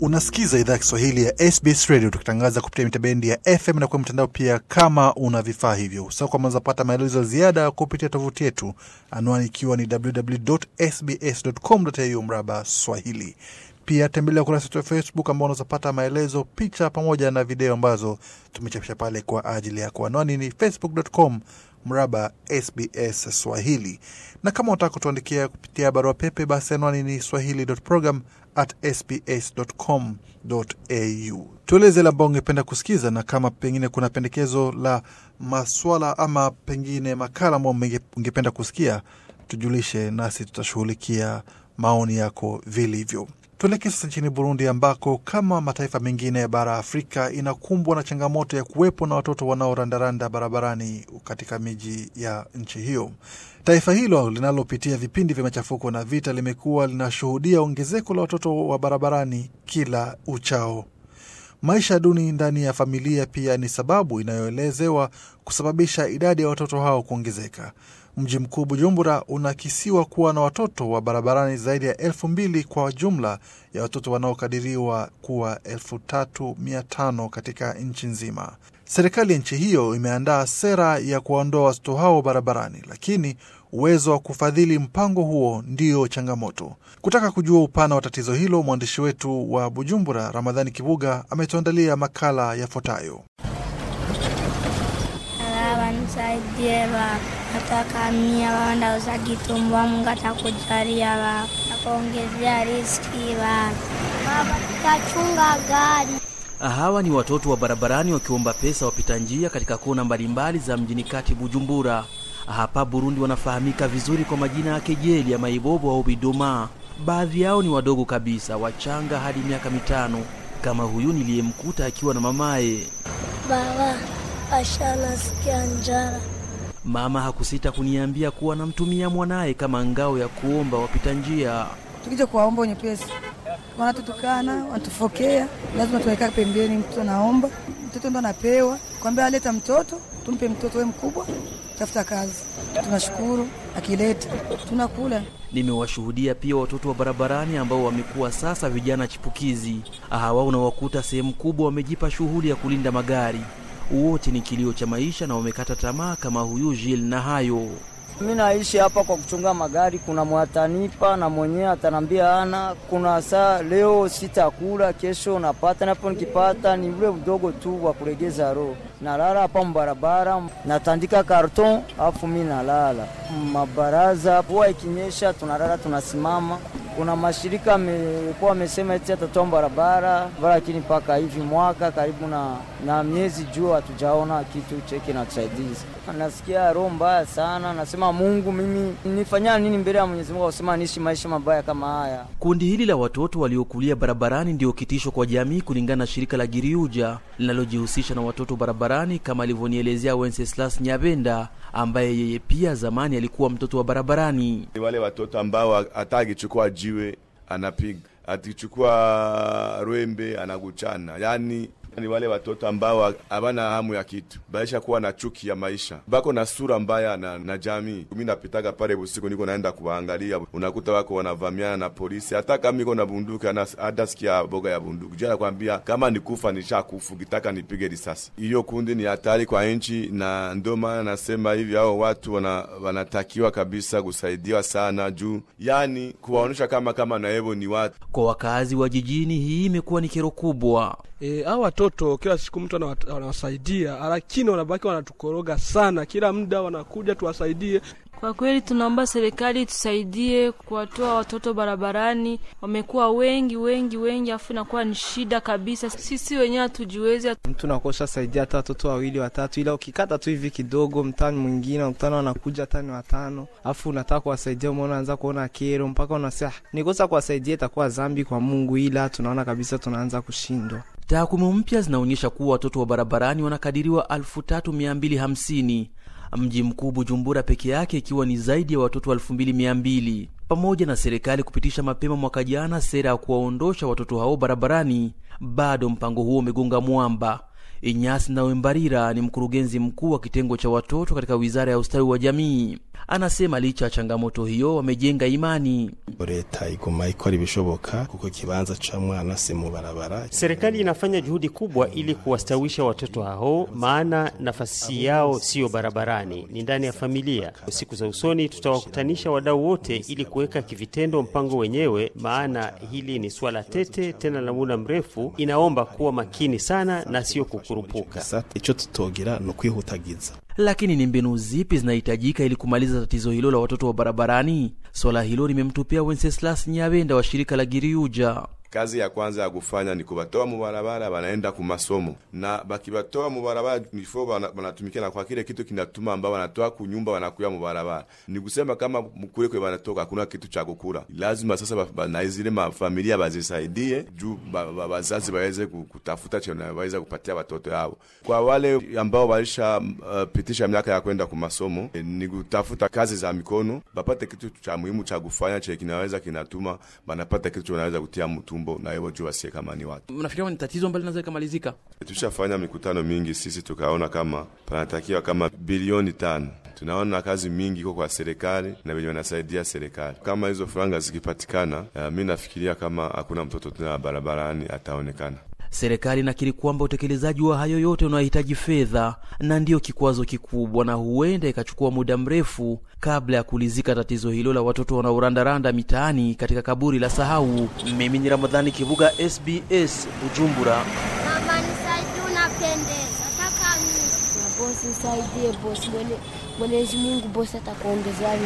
Unasikiza idhaa ya Kiswahili ya SBS Radio tukitangaza kupitia mitabendi ya FM na kwa mtandao pia, kama una vifaa hivyo. Usakamaza pata maelezo ya ziada kupitia tovuti yetu, anwani ikiwa ni www.sbs.com.au mraba Swahili. Pia tembelea ukurasa wetu wa Facebook ambao unazapata maelezo, picha pamoja na video ambazo tumechapisha pale kwa ajili yako. Anwani ni facebook.com mraba SBS Swahili, na kama unataka kutuandikia kupitia barua pepe, basi anwani ni swahili.program at sbs.com.au. Tueleze labda ungependa kusikiza na kama pengine kuna pendekezo la maswala ama pengine makala ambao ungependa kusikia, tujulishe nasi tutashughulikia maoni yako vilivyo. Tuelekee sasa nchini Burundi ambako kama mataifa mengine ya bara Afrika inakumbwa na changamoto ya kuwepo na watoto wanaorandaranda barabarani katika miji ya nchi hiyo. Taifa hilo linalopitia vipindi vya machafuko na vita limekuwa linashuhudia ongezeko la watoto wa barabarani kila uchao. Maisha duni ndani ya familia pia ni sababu inayoelezewa kusababisha idadi ya watoto hao kuongezeka. Mji mkuu Bujumbura unakisiwa kuwa na watoto wa barabarani zaidi ya elfu mbili kwa jumla ya watoto wanaokadiriwa kuwa elfu tatu mia tano katika nchi nzima. Serikali ya nchi hiyo imeandaa sera ya kuwaondoa watoto hao barabarani, lakini uwezo wa kufadhili mpango huo ndiyo changamoto. Kutaka kujua upana wa tatizo hilo, mwandishi wetu wa Bujumbura, Ramadhani Kibuga, ametuandalia makala yafuatayo. Wanisaidie watakamia waondauza kitumbua, Mungu atakujalia riski gari. Hawa ni watoto wa barabarani wakiomba pesa wapita njia katika kona mbalimbali za mjini kati Bujumbura. Hapa Burundi wanafahamika vizuri kwa majina ya kejeli ya maibobo au biduma. Baadhi yao ni wadogo kabisa, wachanga hadi miaka mitano, kama huyu niliyemkuta akiwa na mamaye. Baba ashanasikia nasikia njara. Mama hakusita kuniambia kuwa namtumia mwanaye kama ngao ya kuomba wapita njia. Tukija kuwaomba wenye pesa wanatutukana, wanatufokea, lazima tuweka pembeni. Mtoto anaomba, mtoto ndo anapewa, kwambia aleta mtoto, tumpe mtoto we mkubwa tafuta kazi. Tunashukuru akileta tunakula. Nimewashuhudia pia watoto wa barabarani ambao wamekuwa sasa vijana chipukizi. Hawa unawakuta sehemu kubwa wamejipa shughuli ya kulinda magari. Wote ni kilio cha maisha na wamekata tamaa kama huyu Jil na hayo Mi naishi hapa kwa kuchunga magari, kuna mwatanipa na mwenyewe atanambia ana, kuna saa leo sitakula, kesho napata, napo nikipata ni ule udogo tu wa kulegeza roho. Nalala hapa mbarabara, natandika karton afu mi nalala mabaraza, Huwa ikinyesha tunalala, tunasimama kuna mashirika amekuwa amesema eti atatoa barabara bara, lakini mpaka hivi mwaka karibu na, na miezi juu hatujaona kitu cheki na tusaidizi. Nasikia roho mbaya sana, nasema Mungu, mimi nifanya nini mbele ya Mwenyezi Mungu akusema niishi maisha mabaya kama haya? Kundi hili la watoto waliokulia barabarani ndio kitisho kwa jamii, kulingana na shirika la Giriuja linalojihusisha na watoto barabarani, kama alivyonielezea Wenceslas Nyabenda ambaye yeye pia zamani alikuwa mtoto wa barabarani. wale watoto ambao hata akichukua jiwe anapiga, akichukua rwembe anaguchana, yani ni wale watoto ambao habana hamu ya kitu, baisha kuwa na chuki ya maisha, bako na sura mbaya na, na jamii. Mimi napitaga pale busiku, niko naenda kuwaangalia, unakuta wako wanavamiana na polisi, hata kama iko na bunduki, hata sikia boga ya bunduki jana, nakwambia kama nikufa nishakufu, kitaka nipige risasi. Hiyo kundi ni hatari kwa nchi, na ndio maana nasema hivi, hao watu wana, wanatakiwa kabisa kusaidiwa sana juu, yani kuwaonyesha kama kama naevo ni watu. Kwa wakazi wa jijini, hii imekuwa ni kero kubwa. E, eh, au watoto kila siku mtu anawasaidia, lakini wanabaki wanatukoroga sana, kila muda wanakuja tuwasaidie. Kwa kweli tunaomba serikali tusaidie kuwatoa watoto barabarani, wamekuwa wengi wengi wengi, afu inakuwa ni shida kabisa. Sisi wenyewe hatujiwezi, mtu nakosha saidia hata watoto wawili watatu, ila ukikata tu hivi kidogo mtani mwingine unakutana wanakuja hata ni watano, afu unataka kuwasaidia, umeona anza kuona kero, mpaka unasema ah, nikosa kuwasaidia itakuwa dhambi kwa Mungu, ila tunaona kabisa tunaanza kushindwa. Takwimu mpya zinaonyesha kuwa watoto wa barabarani wanakadiriwa 3250 mji mkuu Bujumbura peke yake ikiwa ni zaidi ya watoto 2200 pamoja na serikali kupitisha mapema mwaka jana sera ya kuwaondosha watoto hao barabarani, bado mpango huo umegonga mwamba. Inyasi Nawembarira ni mkurugenzi mkuu wa kitengo cha watoto katika wizara ya ustawi wa jamii. Anasema licha ya changamoto hiyo wamejenga imani. Leta iguma ikora ibishoboka kuko kibanza cha mwana si mu barabara. Serikali inafanya juhudi kubwa ili kuwastawisha watoto hao, maana nafasi yao siyo barabarani, ni ndani ya familia. Siku za usoni tutawakutanisha wadau wote ili kuweka kivitendo mpango wenyewe, maana hili ni swala tete tena la muda mrefu, inaomba kuwa makini sana na sio kurupuka. icho tutogira ni Lakini ni mbinu zipi zinahitajika ili kumaliza tatizo hilo la watoto wa barabarani? Swala hilo limemtupia Wenceslas Nyabenda wa shirika la Giriuja kazi ya kwanza ya kufanya ni kubatoa mubarabara, banaenda ku masomo, na bakibatoa mubarabara mifo banatumikia na kwa kile kitu kinatuma ambao wanatoa kunyumba wanakuya mubarabara. Ni kusema kama mkule kwe banatoka hakuna kitu cha kukula, lazima sasa na zile mafamilia bazisaidie juu bazazi ba, baweze kutafuta chena baweza kupatia watoto yao. Kwa wale ambao walisha uh, pitisha miaka ya kwenda ku masomo e, ni kutafuta kazi za mikono, bapate kitu cha muhimu cha kufanya che kinaweza kinatuma banapata kitu cha wanaweza kutia mtu tumbo na wewe juasie kama ni watu. Mnafikiria ni tatizo ambalo linaweza kumalizika? Tushafanya mikutano mingi sisi, tukaona kama panatakiwa kama bilioni tano tunaona kazi mingi iko kwa serikali na wenye wanasaidia serikali. Kama hizo franga zikipatikana, uh, mi nafikiria kama hakuna mtoto tena barabarani ataonekana. Serikali inakiri kwamba utekelezaji wa hayo yote unahitaji fedha na ndiyo kikwazo kikubwa, na huenda ikachukua muda mrefu kabla ya kulizika tatizo hilo la watoto wanaorandaranda mitaani katika kaburi la sahau. Mimi ni Ramadhani Kivuga, SBS, Bujumbura. Mama nisaidie, unapendeza. mimi. Bosi nisaidie, bosi. Mwenyezi Mungu bosi atakuongezea.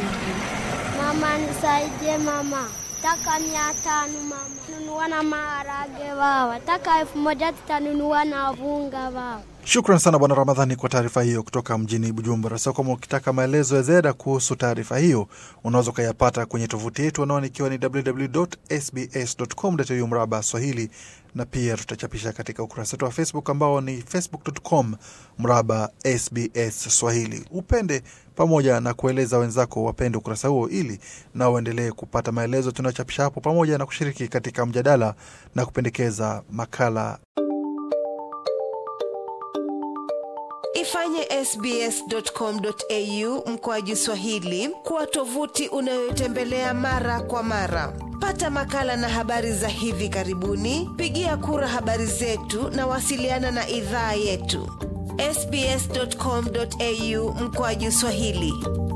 Mama nisaidie, mama. Taka mia tano mama, nunua na maharage baba. Taka elfu moja tutanunua na vunga baba. Shukran sana Bwana Ramadhani kwa taarifa hiyo kutoka mjini Bujumbura. Sasa kama ukitaka maelezo ya ziada kuhusu taarifa hiyo, unaweza ukayapata kwenye tovuti yetu, anaoni ikiwa ni www.sbs.com.au mraba Swahili, na pia tutachapisha katika ukurasa wetu wa Facebook ambao ni facebook.com mraba SBS Swahili. Upende pamoja na kueleza wenzako wapende ukurasa huo, ili na uendelee kupata maelezo tunayochapisha hapo, pamoja na kushiriki katika mjadala na kupendekeza makala sbs.com.au mkoaji Swahili kuwa tovuti unayotembelea mara kwa mara. Pata makala na habari za hivi karibuni, pigia kura habari zetu na wasiliana na idhaa yetu sbs.com.au mkoaji Swahili.